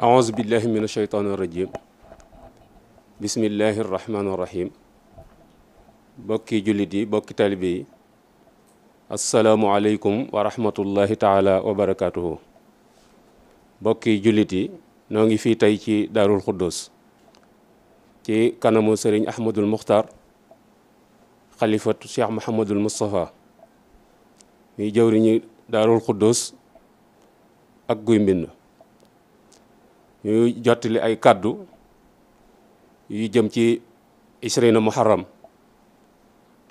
أعوذ بالله من الشيطان الرجيم بسم الله الرحمن الرحيم بكي جلدي بكي تلبي السلام عليكم ورحمة الله تعالى وبركاته بكي جلدي نونغي في تاي دار القدس تي كان موسرين احمد المختار خليفة الشيخ محمد المصطفى مي جوريني دار القدس منه ñu jottali ay kàddu yu jëm ci isrina muharram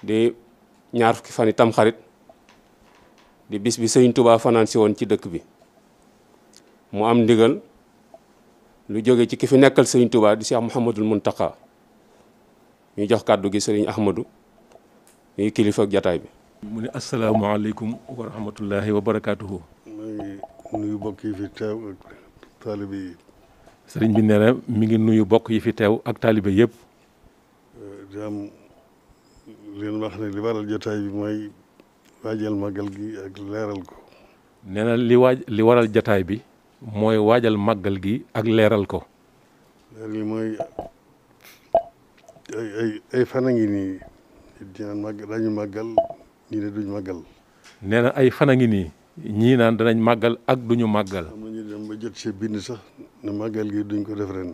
di ñaar fukki fan yi tamxarit di bis bi sëñ tubaa fanaan si woon ci dëkk bi mu am ndigal lu jóge ci ki fi nekkal sëñ tubaa di si Cheikh Mouhamadul Mountakha ñuy jox kàddu gi sëriñ Ahmadou ñuy kilifa ak jataay bi mu ne asalaamaaleykum wa rahmatullahi wa barakaatuhu. serigne bi neena mi ngi nuyu bokk yi fi tew ak talibé yépp jam am leen wax ne li waral jotaay bi moy waajal magal gi ak leral ko. neena li waj li waral jotaay bi moy waajal magal gi ak leral ko. leeral gi ay ay ay fanangi ni dinañ mag dañu magal ni ne duñ magal neena ay fanangi ni ñi naan danañ magal ak duñu magal dem ba jot ci bind sax. ne màggal gi duñ ko def ren.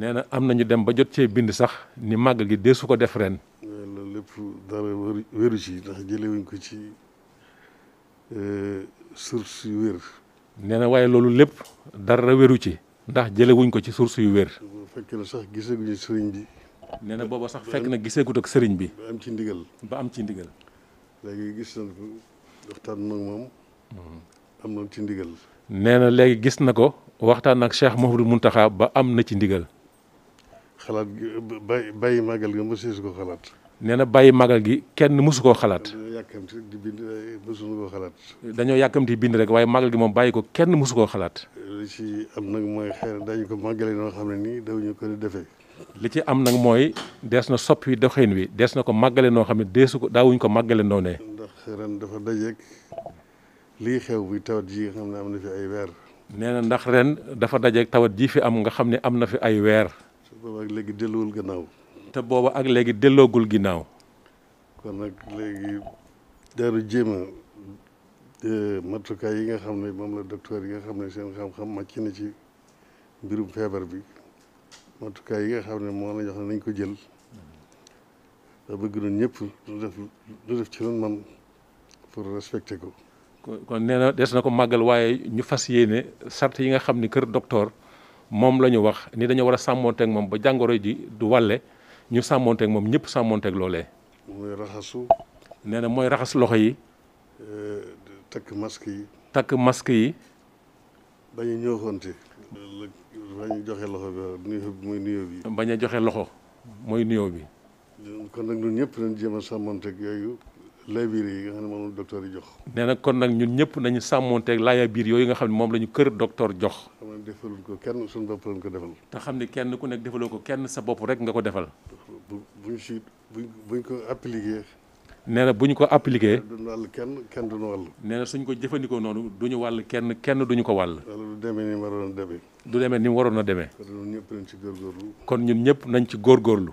nee na am nañu dem ba jot cee bind sax ni màggal gi su ko def ren. lépp wéru ci ndax jëlewuñ ko ci e, source yu wér. nee na waaye loolu lépp dara wéru ci ndax jëlewuñ ko ci source yu wér. fekk na sax gisaguñu sëriñ bi. nee na booba sax fekk na giseegut ak sëriñ bi. ba am ci ndigal ba am ci ndigal. gis nañ moom. Mhm. am na ci ndigal. nee na léegi gis na ko waxtaan ak Cheikh mun Mountakha ba am na ci ndigal. xalaat gi bàyyi bàyyi màggal su ko xalaat. nee na bàyyi màggal gi kenn mosu koo xalaat. dañoo yàkkamti di bind dañoo yàkkamti bind rek waaye màggal gi moom bàyyi ko kenn mosu koo xalaat. li ci am nag mooy xëy na dañu ko màggale noo xam ne nii dawuñu ko defee. li ci am nag mooy dees na soppi doxin wi dees na ko màggale noo xam ne deesu ko daawuñ ko màggale noo ne. ndax lii xew bi tawat ji nga xam ay weer. nee na ndax ren dafa daje tawat jii fi am nga xam ne am na fi ay weer. te booba ak léegi delloowul ginnaaw. te booba ak léegi delloogul ginnaaw. kon nag léegi daaru jéema e, matukaay yi nga xam ne moom la docteur yi nga xam ne seen xam-xam màcc na ci mbirum feebar bi matukaay yi nga xam ne moo la jox ne nañ ko jël da bëgg noonu ñëpp lu def lu def ci loolu man pour respecter ko. kon nee na des na ko màggal waaye ñu fas yéene sart yi nga xam ni kër docteur moom la ñu wax ni dañoo war a sàmmonteeg moom ba jàngoro ji du wàlle ñu sàmmonteeg moom ñëpp sàmmonteeg loolee. mooy raxasu. nee na mooy raxas loxo yi. Eh, takk masque yi. takk masque yi. bañ a ñooxonte. bañ joxe loxo bi muy nuyoo bi. joxe loxo mooy nuyoo bi. kon nag ñun ñëpp nañ jéem a sàmmonteeg yooyu. lay biir yi nga xam ne moom la yi jox. nee na kon nag ñun ñëpp nañu sàmmonteeg laaya biir yooyu nga xam ne moom lañu ñu kër docteur jox. xam ne ko kenn suñu bopp lañ ko defal. te xam ne kenn ku nekk defaloo ko kenn sa bopp rek nga ko defal. bu ñu si bu ñu ko appliqué. nee na bu ñu ko appliqué. duñu wàll kenn kenn duñu wàll. nee suñ ko jëfandikoo noonu duñu wàll kenn kenn duñu ko wàll. loolu du demee ni mu waroon a demee. du demee ni mu waroon a demee. kon ñun ñëpp nañ ci góorgóorlu. kon ñun ñëpp nañ ci góorgóorlu.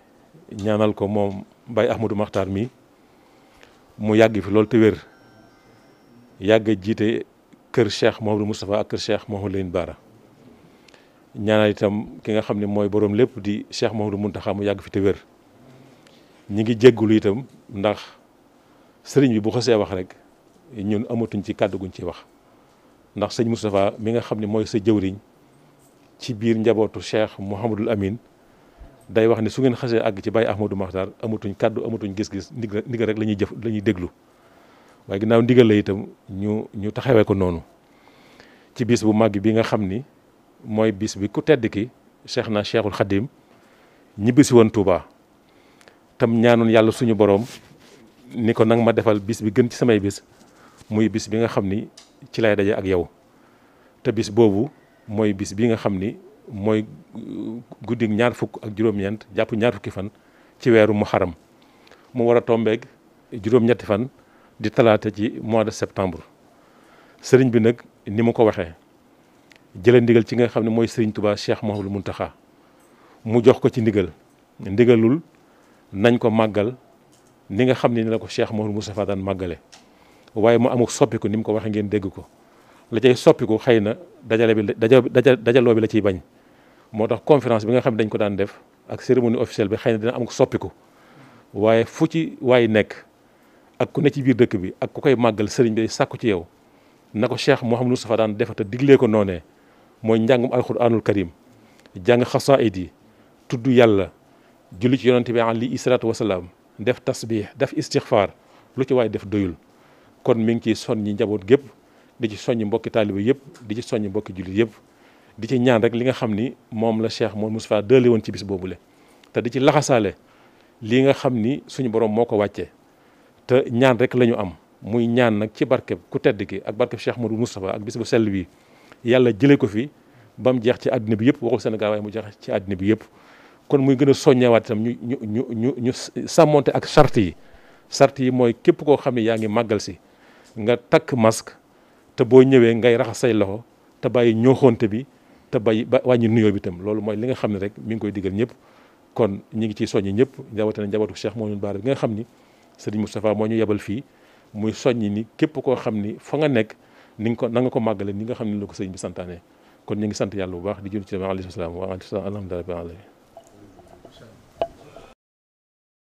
ñaanal ko moom Baye Ahmadou Makhtar mi mu yàgg fi loolu te wér yàgg jiite kër Cheikh Mouhamadou Moustapha ak kër Cheikh Mouhamadou Lamine Bara ñaanal itam ki nga xam ne mooy boroom lépp di Cheikh Mouhamadou Mountakha mu yàgg fi te wér ñi ngi jéggulu itam ndax sëriñ bi bu xasee wax rek ñun amatuñ ci kàddu guñ ciy wax ndax sëñ Moustapha mi nga xam ne mooy sa jëwriñ ci biir njabootu Cheikh Mouhamadul Amin day wax ne su ngeen xasee àgg ci Baye Ahmadou Makhtar amatuñ kàddu amatuñ gis-gis ndigal ndigal rek la ñuy jëf la ñuy déglu waaye ginnaaw ndigal la itam ñu ñu taxawee ko noonu ci biis bu màgg bi nga xam ni mooy bis bi ku tedd ki cheikh na cheikhul xadim ñibbisi woon Touba tam ñaanoon yàlla suñu boroom ni ko nag ma defal bis bi gën ci samay bis muy bis bi nga xam ni ci lay daje ak yow te bis boobu mooy bis bi nga xam ni mooy euh, guddig ñaar fukk ak juróom-ñeent jàpp ñaar fukki fan ci weeru muharram mu war a tombeeg juróom-ñetti fan di talaate ci mois de septembre sëriñ bi nag ni mu ko waxee jëlee ndigal ci nga xam ne mooy sëriñ Touba Cheikh mun Mountakha mu jox ko ci ndigal ndigalul nañ ko màggal ni nga xam ne ni la ko Cheikh Mouhamadou Moustapha daan màggale waaye mu amuk soppiku ni mu ko waxee ngeen dégg ko la cay soppiku xëy na dajale bi dajal dajaloo bi la ciy bañ moo tax conférence bi nga xam ne dañ ko daan def ak cérémonie officielle bi xëy na dina am soppiku waaye fu ci waay nekk ak ku ne ci biir dëkk bi ak ku koy màggal sëriñ bi sàkku ci yow na ko Cheikh Mouhamadou Moustapha daan def te diglee ko noonee mooy njàngum alxuraanul karim jàng xasaayid yi tudd yàlla julli ci yonante bi alayhi wasalaam def tasbih def istixfaar lu ci waay def doyul kon mi ngi ciy soññi njaboot gépp di ci soññi mbokki taaliba yëpp di ci soññi mbokki jullit yëpp di ci ñaan rek li nga xam ni moom la Cheikh Mouhamadou Moustapha dële woon ci bis boobu boobule te di ci laxasaale lii nga xam ni suñu borom moo ko wàccee te ñaan rek lañu am muy ñaan nag ci barkeb ku tedd ki ak barkeb Cheikh Mouhamadou Moustapha ak bis bu sell bii yàlla jëlee ko fi ba mu jeex ci àddina bi yëpp waxul Sénégal waaye mu jeex ci àddina bi yëpp kon muy gën a soññewaat itam ñu ñu ñu ñu ñu sàmmonte ak sart yi sart yi mooy képp koo xam ne yaa ngi màggal si nga takk mask te boo ñëwee ngay raxas say loxo te bi te bay ba wàññi nuyoo bi itam loolu mooy li nga xam ne rek mi ngi koy digal ñëpp kon ñu ngi ci ciy soññi ñëpp rawatina njabootu Cheikh Mouhamadou Bara bi nga xam ni Serigne Moustapha moo ñu yebal fii muy soññi ni képp koo xam ni fa nga nekk ni nga ko na nga ko màggale ni nga xam ne la ko sëriñ bi santaane kon ñu ngi sant yàlla bu baax di jëm ci dem alayhi salaam wa alhamdulilah